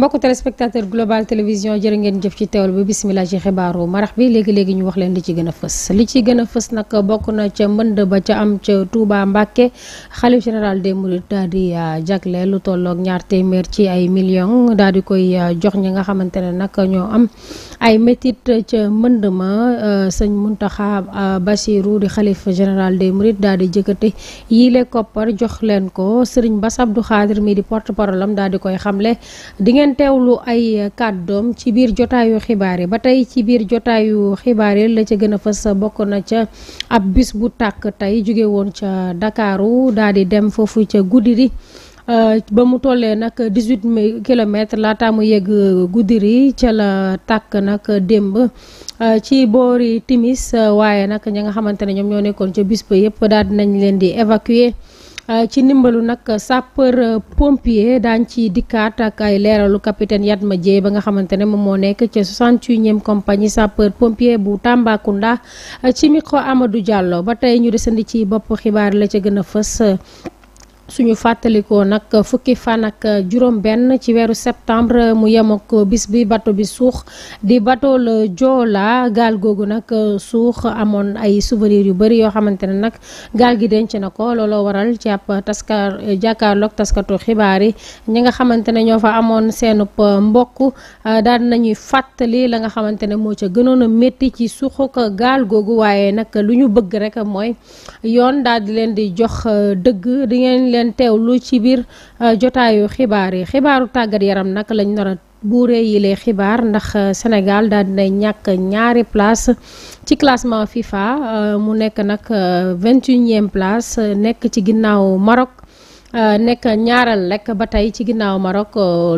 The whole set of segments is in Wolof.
mbokku téléspectateur global télévision jërë ngeen jëf ci teewlu bi bismillah ci xibaaru marax bi léegi léegi ñu wax leen li ci gën a fës li ci gën a fës nag bokk na ca mbënd ba ca am ca Touba Mbacke xalif général des mourid daal di euh, jagle lu tolloog ñaar téeméer ci ay millions daal di koy euh, jox ñi nga xamante ne nag ñoo am ay métit ca mbënd ma euh, sëñ Muntaxa Bassirou di xalif général des mourides daal di jëkkati yile koppar jox leen ko sëriñ Bass Abdou Khadir mi di porte parole am daal di koy xamle di ngeen ngeen teewlu ay kàddoom ci biir jotaayu xibaar yi ba tey ci biir jotaayu xibaar yi la ca gën a fës bokk na ca ab bis bu tàkk tey jóge woon ca Ndakaaru daal di dem foofu ca Goudiry euh, ba mu tollee nag dix-huit kilomètres laataa mu yegg Goudiry ca la tàkk nag démb euh, ci boori timis waaye nag ñi nga xamante ne ñoom ñoo nekkoon ca bis ba yëpp di dinañ leen di évacuer Euh, ci ndimbalu nag sapeur pompier daañ ci dikkaat ak ay leeralu yat ma Dieye ba nga xamante ne moom moo nekk ca 61e compagnie sapeur pompier bu Tambacounda ci micro Amadou Diallo ba tey ñu desandi ci bopp xibaar la ca gën a fës. suñu fàttalikoo nag fukki fan ak juróom benn ci weeru septembre mu yem ak bis bi bato bi suux di bato la Joola gaal googu nag suux amoon ay souvenirs yu bëri yoo xamante ne nag gaal gi denc na ko looloo waral ci ab taskar jàkkaarloog taskatu xibaar yi ñi nga xamante ne ñoo fa amoon seenub mbokk eh, daan nañuy fàttali la nga xamante ne moo ca gënoon a métti ci suuxuk gaal googu waaye nag lu ñu bëgg rek mooy yoon daal leen di jox eh, dëgg di teew lu ci biir euh, jotaayu xibaar yi xibaaru tàggat yaram nag lañ nar a buuree yile xibaar ndax euh, Sénégal daal dina ñàkk ñaari place ci classement FIFA euh, mu nekk nag vingt-et-unième place nekk ci ginnaaw marok nekk ñaaral rek ba tey ci ginnaaw Maroc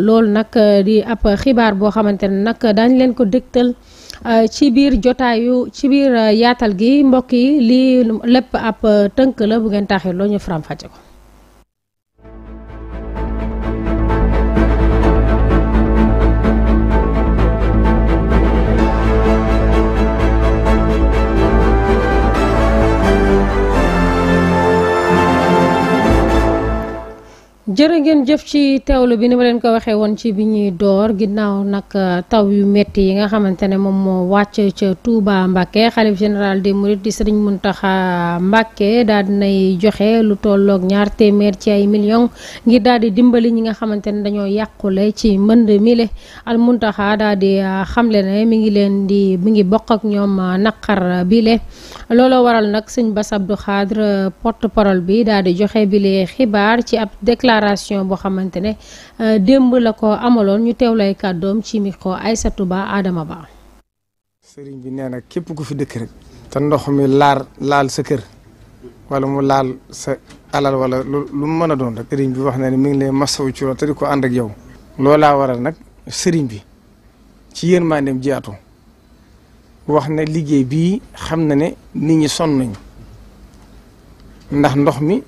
loolu nag di ab xibaar boo xamante ne nag daañu leen ko dégtal ci biir jotaayu ci biir yaatal gi mbokk yi lii lépp ap tënk la bu ngeen taxee loo ñu faram ko. jërë ngeen jëf ci teewlu bi ni ma leen ko waxee woon ci bi ñuy door ginnaaw nag uh, taw yu metti yi nga xamante ne moom moo wàcc ca Touba Mbacké xalif général des Mourides di sa Serigne Mountakha Mbacké daal nay joxe lu tollook ñaar téeméer ci ay millions ngir daal di dimbali ñi nga xamante ne dañoo yàqule ci mbënd mile al Mountakha daal di uh, xamle ne mi ngi leen di mi ngi bokk ak ñoom uh, naqar bile looloo waral nag Serigne basab Abdou Khadre porte-parole bi daal di joxe bile xibaar ci ab déclaration boo xamante ne euh, démb la ko amaloon ñu teewlay kàddoom ci micro Aïssatou Ba Adama sëriñ bi nee na képp ku fi dëkk rek. te ndox mi laar laal sa kër wala mu laal sa wala lu mu mën a doon rek. sëriñ bi wax na ne mi ngi lay masawu ci loolu ko ànd ak yow. loolaa waral nag sëriñ bi ci yéen maa jaatu wax na liggéey bii xam na ne nit ñi sonn nañu ndax ndox mi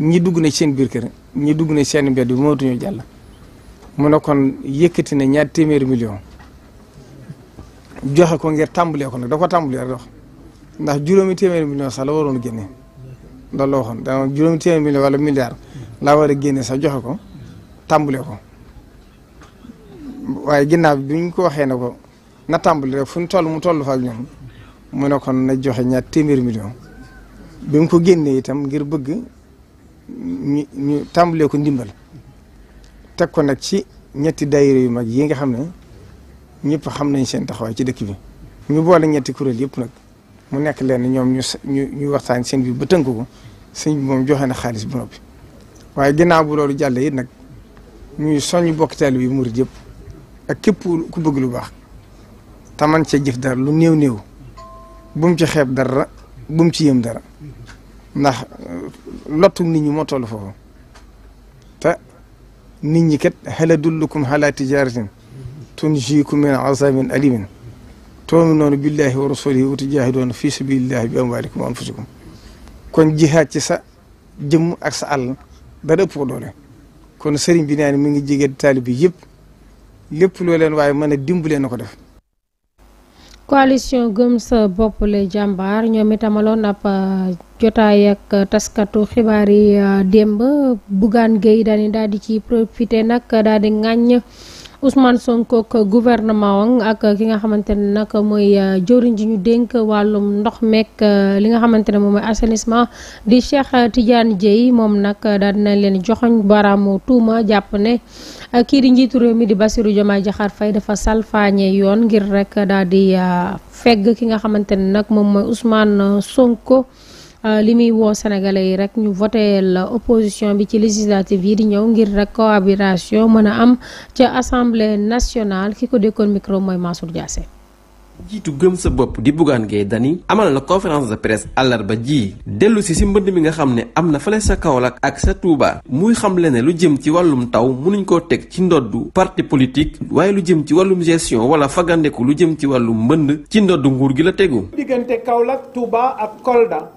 ñi dugg na ci seen biir kër ñi dugg na seen mbedd bi mootuñu jàll mu ne kon yëkkati na ñaat téeméeri million joxe ko ngir tàmbalee ko nag da ko tàmbalee rek wax ndax juróomi téeméeri million sax la waroon génne loolu la waxoon dama juróomi téeméeri million wala milliard laa war a génne sax joxe ko tàmbalee ko waaye ginnaaw bi ñu ko waxee ne ko na tàmbali rek fu ñu toll mu toll fa ak ñoom mu kon na joxe ñaar téeméeri million bi mu ko ngir bëgg ñu ñu tàmbalee ko ndimbal teg ko nag ci ñetti daayira yu mag yi nga xam ne ñëpp xam nañ seen taxawaay ci dëkk bi ñu boole ñetti kuréel yëpp nag mu nekk leen ñoom ñu ñu ñu waxtaan seen bi ba tënk ko sëñ moom joxe na xaalis bu noppi waaye ginnaaw buloolu loolu jàlle it nag ñuy soññ bokk taalibe yi murid yépp ak képp ku bëgg lu baax taman cee jëf dara lu néew néew bu mu ci xeeb dara bu ci yëm dara ndax euh, lottu nit ñi moo toll foofu te nit ñi kat hal adullukum ala tijaratin tunjiikum min azabin alimin tu'minuuna billahi wa rasulihi wa tujaahiduuna fi sabilillahi bi amwaalikum wa anfusikum kon jihaad ci sa jëmm ak sa àll dara ëpp doole kon sëriñ bi nee na ngi jege taalib bi yëpp lépp loo leen waaye mën a dimbalee na ko def coalition gëm sa boppale lay jàmbaar ñoom itamaloon ab euh, jotaay ak euh, taskatu xibaar yi euh, démb Bougane Gueye daal di daal di ci profité nag daal di ŋàññ Ousmane Sonko ak gouvernement ak ki nga xamante ne nag mooy euh, jëwriñ ji ñu dénk wàllum ndox meek euh, li nga xamante ne moom mooy assainissement di Cheikh Tidiane Dièye moom nag daal dina leen joxoñ baraamu tuuma jàpp ne euh, kii di njiitu réew mi di Bassirou Diomaye Diakhar Faye dafa salfaañe yoon ngir rek daal di fegg ki nga xamante ne nag moom mooy Ousmane Sonko. Euh, li muy woo sénégalais yi rek ñu voteel opposition bi ci législative yi di ñëw ngir rek cohabitation mën a am ca assemblée nationale ki ko dékkoon micro mooy Mansour Diassé jiitu gëm sa bopp di Bougane Gueye Dany amal na conférence de presse àllarba ji dellu si si mbënd mi nga xam ne am na fale sa Kaolack ak sa Touba muy xamle ne lu jëm ci wàllum taw mënuñ koo teg ci ndoddu parti politique waaye lu jëm ci wàllum gestion wala fagandeku lu jëm ci mbënd ci ndoddu nguur gi la tegu ak Kolda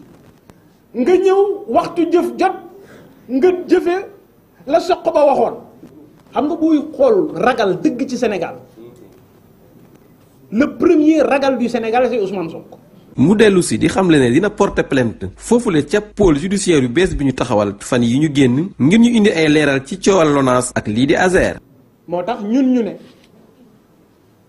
nga ñëw waxtu jëf jot nga jëfe la soq ba waxoon xam nga buy xool ragal dëgg ci Sénégal le premier ragal du Sénégal c'est Ousmane Sonko. mu dellu si di xamle ne na dina porter plainte foofule ca pôle judiciaire yu bees bi ñu taxawal fan yi ñu génn ngir ñu indi ay leeral ci coowal Lonase ak lii di Azer. moo tax ñun ñu ne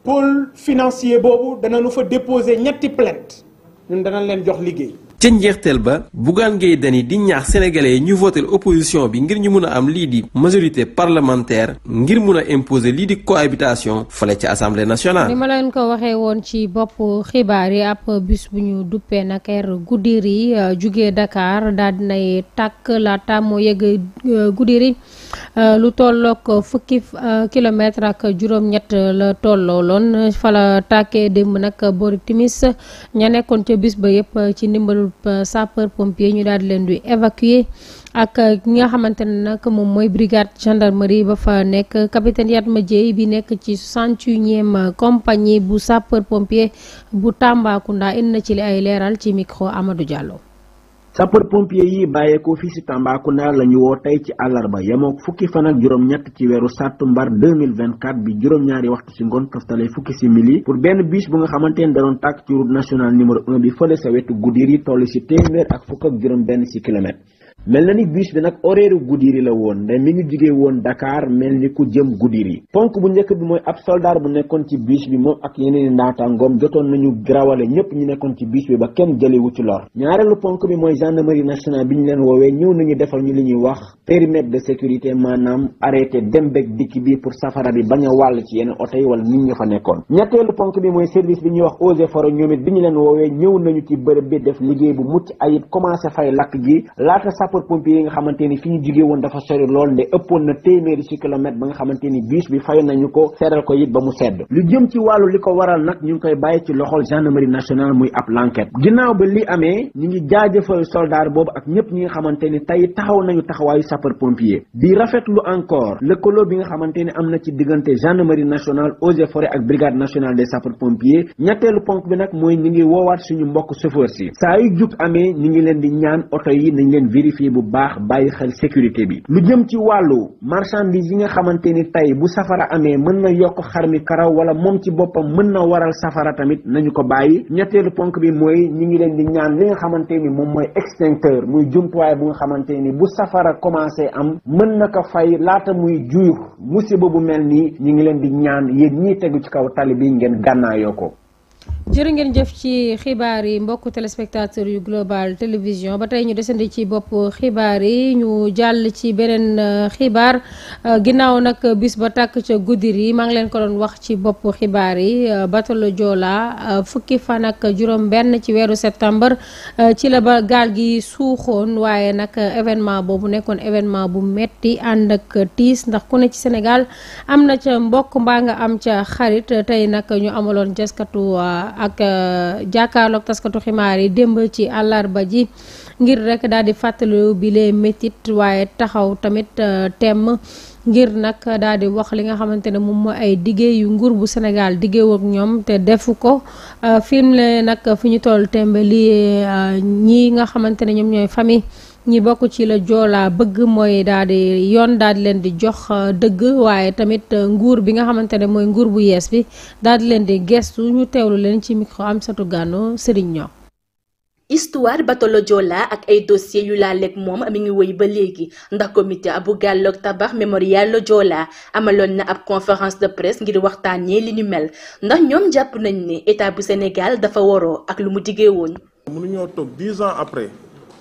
pôle financier boobu dana lu fa déposer ñetti plainte ñun dana leen jox liggéey. ca njeexteel ba Bougane Gueye Dany di ñaax sénégalais ñu votel opposition bi ngir ñu mën a am lii di majorité parlementaire ngir mun a imposer lii di cohabitation fale ci assemblée nationale. ni ma leen ko waxee woon ci bopp xibaar yi ab bus bu ñu duppee nag air Goudiry euh, jugee Dakar daal nay tàkk la moo yëg euh, Goudiry. Euh, lu tollook fukki euh, kilomètre ak juróom-ñett la tolloo loon fala tàkkee démb nag boori timis ña nekkoon ca bis ba yëpp ci ndimbalul euh, sapeur pompier ñu daal di leen di évacuer ak ki nga xamante ne nag moom mooy brigade gendarmerie ba fa nekk capitaine ma Dieye bi nekk ci soixante-et-unième compagnie bu sapeur pompier bu Tambacounda indi na ci li ay leeral ci micro Amadou Diallo. sapeur pompier yi bàyyeekoo fii si Tambacounda la ñu woo tey ci àllarba yemoo fukki fan ak juróom-ñett ci weeru vingt 2024 bi juróom-ñaari waxtu si ngoon toftale fukki simili pour benn bus bu nga xamante ne da doon tàkk ci route nationale numéro 1 bi fële sa wetu Goudiry toll si téeméer ak fukk ak juróom benn ci kilomètre mel na ni bus bi nag horaire Goudiri la woon ne mi ngi jugee woon Dakar mel ni ku jëm Goudiri ponk bu njëkk bi mooy ab soldaar bu nekkoon ci bus bi moom ak yeneen naataangoom jotoon nañu grawale ñëpp ñu nekkoon ci bus bi ba kenn jëlewu ci lor ñaareelu ponk bi mooy gendarmerie nationale bi ñu leen woowee ñëw nañu defal ñu li ñuy wax périmètre de sécurité maanaam arrêté dem beeg dikk bi pour safara bi bañ a wàll ci yenn oto yi wala nit ñi fa nekkoon ñetteelu ponk bi mooy service bi ñuy wax eaux et forêts bi ñu leen woowee ñëw nañu ci bërëb bi def liggéey bu mucc ayib commencé fay lakk gi sapeur pompier yi nga xamante ni fi ñu jugee woon dafa sori lool ne ëppoon na téeméeri ci kilomètre ba nga xamante ni bus bi fay nañu ko seeral ko it ba mu sedd lu jëm ci wàllu li ko waral nag ñu ngi koy bàyyi ci loxol gendarmerie nationale muy ab l'enquête ginnaaw ak ñëpp ñi nga xamante ni tey taxaw nañu taxawaayu sapeur pompier di rafetlu encore lëkkaloo bi nga xamante ni am na ci diggante gendarmerie nationale eaux et forêts ak brigade nationale des sapeurs pompiers ñetteelu ponk bi nag mooy ñu ngi woowaat suñu mbokk chauffeur si saa yu jug amee ñu yi vérifier bu baax bàyyi xel sécurité bi lu jëm ci wàllu marchandise yi nga xamante ni tey bu safara amee mën na yokk xar mi karaw wala moom ci boppam mën na waral safara tamit nañu ko bàyyi ñetteelu ponk bi mooy ñu ngi leen di ñaan li nga xamante ni moom mooy extincteur muy jumtuwaay bu nga xamante ni bu safara commencé am mën na ko fay laata muy juyux musiba bu mel nii ñu ngi leen di ñaan yéen ñiy tegu ci kaw tali bi ngeen gànnaayoo ko jërë ngeen jëf ci xibaar yi mbokk téléspectateur yu global télévision ba tey ñu desandi ci bopp xibaar yi ñu jàll ci beneen euh, xibaar euh, ginnaaw nag bis ba tàkk ca guddir yi maa ngi leen ko doon wax ci bopp xibaar yi euh, batalo Joola fukki fan ak juróom benn ci weeru septembre ci la gaal gi suuxoon waaye nag événement boobu nekkoon événement bu metti ànd ak tiis ndax ku ne ci Sénégal am na ca mbokk mbaa nga am ca xarit tey nag ñu amaloon jaskatu ak euh, jàkkaarloog taskatu xibaar yi démb ci àllarba ji ngir rek daal di fàttaliwu bi lee métit waaye taxaw tamit euh, temm ngir nag daal di wax li nga xamante ne moom mooy ay diggéey yu nguur bu Sénégal diggéew ñoom te defu ko euh, film le nag fi ñu toll tembe lii ñi nga xamante ne ñoom ñooy famille ñi bokk ci la joola bëgg mooy daal di yoon daal di leen di jox euh, dëgg waaye tamit euh, nguur bi nga xamante ne mooy nguur bu yees bi daal di leen di gestu ñu teewlu leen ci micro am Gano Serigne Niang histoire batolo Joola ak ay dossier yu laaleeg moom mi ngi woy ba léegi ndax comité abu gàlloog tabax mémorial la Joola amaloon na ab conférence de presse ngir waxtaanee li ñu mel ndax ñoom jàpp nañ ne état bu Sénégal dafa waroo ak lu mu diggee woon. mënuñoo toog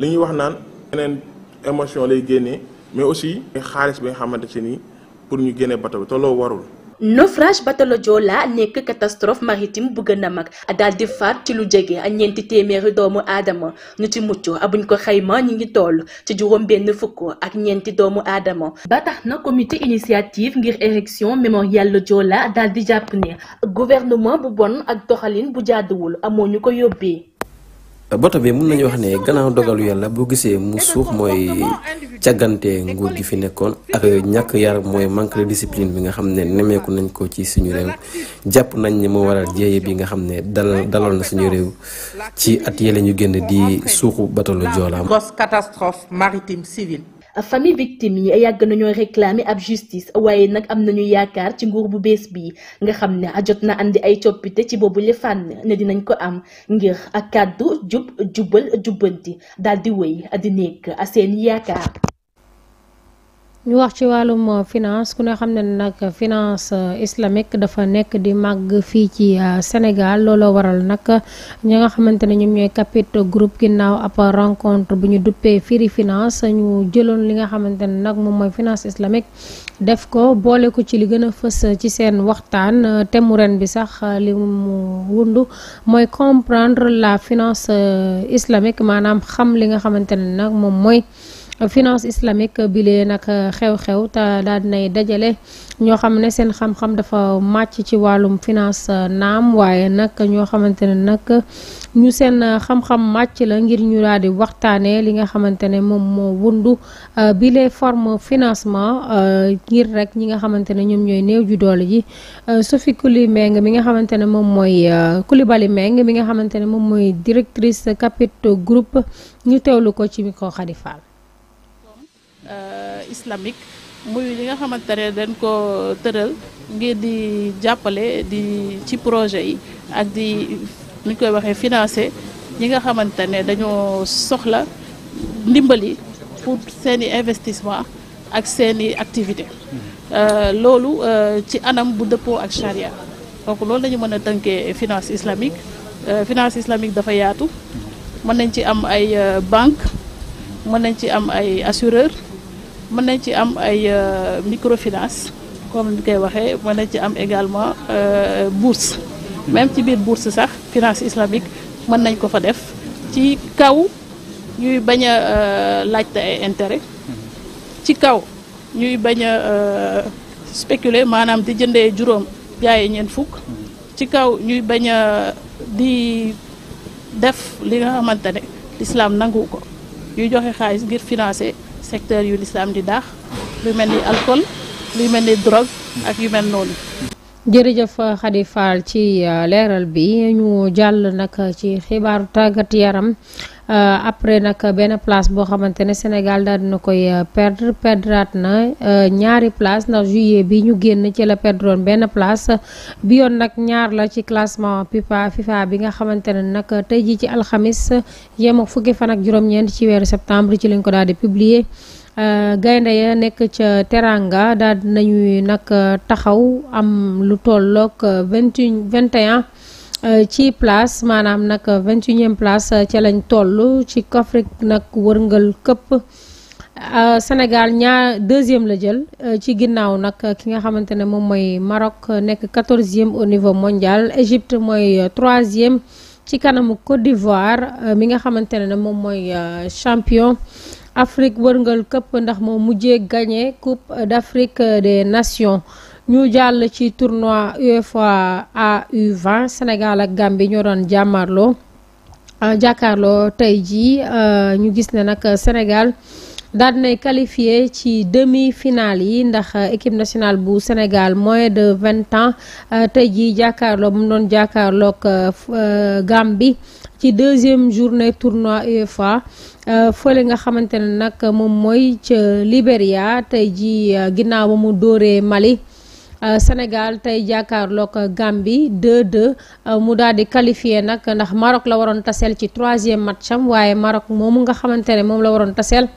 li ñuy wax naan yeneen émotion lay mais aussi xaalis bi nga xamante ni pour ñu génne bato bi te loo warul. naufrage batalo Joola nekk catastrophe maritime bu gën a mag daal di faat ci lu jege ñeenti téeméeri doomu aadama ñu ci mucc buñ ko xayma ñu ngi toll ci juróom benn fukk ak ñeenti doomu aadama. ba tax na comité initiative ngir érection mémorial Joola daal di jàpp ne gouvernement bu bon ak doxalin bu amoo ñu ko bato bi mun nañu wax ne gannaaw dogalu yàlla boo gisee mu suux mooy càggante nguur gi fi nekkoon ak ñàkk yar mooy manque de discipline bi nga xam ne nemeeku nañ ko ci suñu réew jàpp nañ ne moo waral jéeye bi nga xam ne dal dalal na suñu réew ci at yële ñu génn di suuxu bato lu Joola. catastrophe maritime civile. famille victime yi yàgg nañoo réclamé ab justice waaye nag am nañu yaakaar ci nguur bu bees bi nga xam ne jot na andi ay coppite ci boobu le fànn ne dinañ ko am ngir ak kàddu jub jubal jubbanti daal di wéy di nekk seen yaakaar. ñu wax ci wàllum euh, finance ku ne xam ne nag finance euh, islamique dafa nekk di màgg fii ci euh, Sénégal looloo waral nag ñi nga xamante ne ñoom ñooy capit groupe ginnaaw ab rencontre bu ñu duppee firi finance ñu jëloon li nga xamante ne nag moom mooy finance islamique def ko boole ko ci li gën a fës ci seen waxtaan te mu ren bi sax li mu wundu mooy comprendre la finance islamique maanaam xam li nga xamante ne nag moom mooy. finance islamique bilee nag eh, xew-xew te daal dinay dajale ñoo xam ne seen xam-xam dafa màcc ci wàllum finance eh, naam waaye nag ñoo xamante ne nag ñu seen eh, xam-xam màcc la ngir ñu daal di waxtaanee li nga xamante ne moom moo wundu bilee forme financement ngir rek ñi nga xamante ne ñoom ñooy néew ju doole ji Sophie Kuli Meng mi nga xamante ne moom mooy Kulibali Meng mi nga xamante ne moom mooy directrice Capitaux Group ñu teewlu ko ci micro Khady Euh, islamique muy li nga xamante dañ ko tëral ngir di jàppale di ci projet yi ak di ñu koy waxee financé ñi nga xamante ne dañoo soxla ndimbali pour seeni investissement ak seeni activité euh, loolu euh, ci anam bu dëppoo ak charia donc loolu lañu mën a tënkee finance islamique finance islamique dafa yaatu mën nañ ci am ay banque mën nañ ci am ay assureur mën nañ ci am ay euh, microfinance comme ni koy waxee mën nañ ci am également euh, bourse même ci biir bourse sax finance islamique mën nañ ko fa def ci kaw ñuy bañ a euh, laajte ay intérêt ci kaw ñuy bañ a spéculer maanaam di jëndee juróom jaayee ñeent fukk ci kaw ñuy bañ a di def li nga xamante ne l'islam nangu ko ñuy joxe xaalis ngir financer secteur yu lislaam di daax luy mel ni alcool luy mel ni drogue ak yu mel noonu jërëjëf uh, Khady Fall ci uh, leeral bi ñu jàll nag ci xibaaru tàggat yaram uh, après nag benn place boo xamante ne Sénégal daal dina koy perdre perdraat na ñaari place ndax juillet bi ñu génn ci la perdroon benn place bi yoon nag ñaar la ci classement FIFA FIFA bi nga xamante ne nag tey jii ci alxamis yem ak fukki fan ak juróom-ñeent ci weeru septembre ci lañ ko daal di publier. Euh, gaynde ya nekk ca Teranga daal nañuy nag euh, taxaw am lu tolloog euh, vingt vingt ci place maanaam nag vingt unième place ca lañ toll ci Afrique nag wërngal këpp Sénégal ñaar deuxième la jël ci ginnaaw nag ki nga xamante ne moom mooy Maroc nekk quatorzième au niveau mondial Égypte mooy troisième ci kanamu Côte d'Ivoire mi nga xamante ne moom mooy champion Afrique wërngal këpp ndax moo mujjee gagné Coupe d'Afrique de Nations ñu jàll ci tournoi UEFA AU20 Sénégal ak Gambie ñoo doon jàmmarloo ah, jàkkaarloo tey jii euh, ñu gis ne nag senegal daal dinay qualifié ci demi-finale yi ndax équipe nationale bu Sénégal moins de vingt ans euh, tey jii jàkkaarloo mu doon jàkkaarloog euh, euh, Gambie ci deuxième journée tournoi UEFA fële nga xamante ne nag moom mooy ca Libéria tey jii ginnaaw ba mu dóoree Mali. Sénégal tey jàkkaarloog Gambie 2 deux mu daal di qualifié nag ndax Maroc la waroon taseel ci troisième match am waaye Maroc moomu nga xamante ne moom la waroon taseel.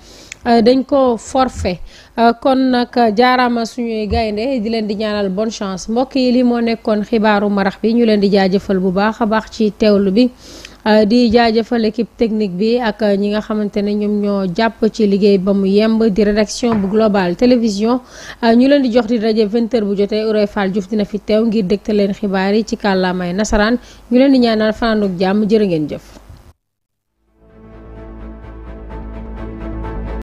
Euh, dañ ko forfait euh, kon nag jaaraama suñuy gaynde di leen di ñaanal bon chance mbokk yi lii moo nekkoon xibaaru marax bi ñu leen di jëfal bu baax a baax ci teewlu bi euh, di jaajëfal équipe technique bi ak ñi nga xamante ne ñoom ñoo jàpp ci liggéey ba mu yemb di rédaction bu global télévision ñu leen di jox di rajo 20 bu jotee Houreye Fall Diouf dina fi tew ngir dégtal leen xibaar yi ci kàllaamay nasaraan ñu leen di ñaanal fanaanug jàmm jërë ngeen jëf.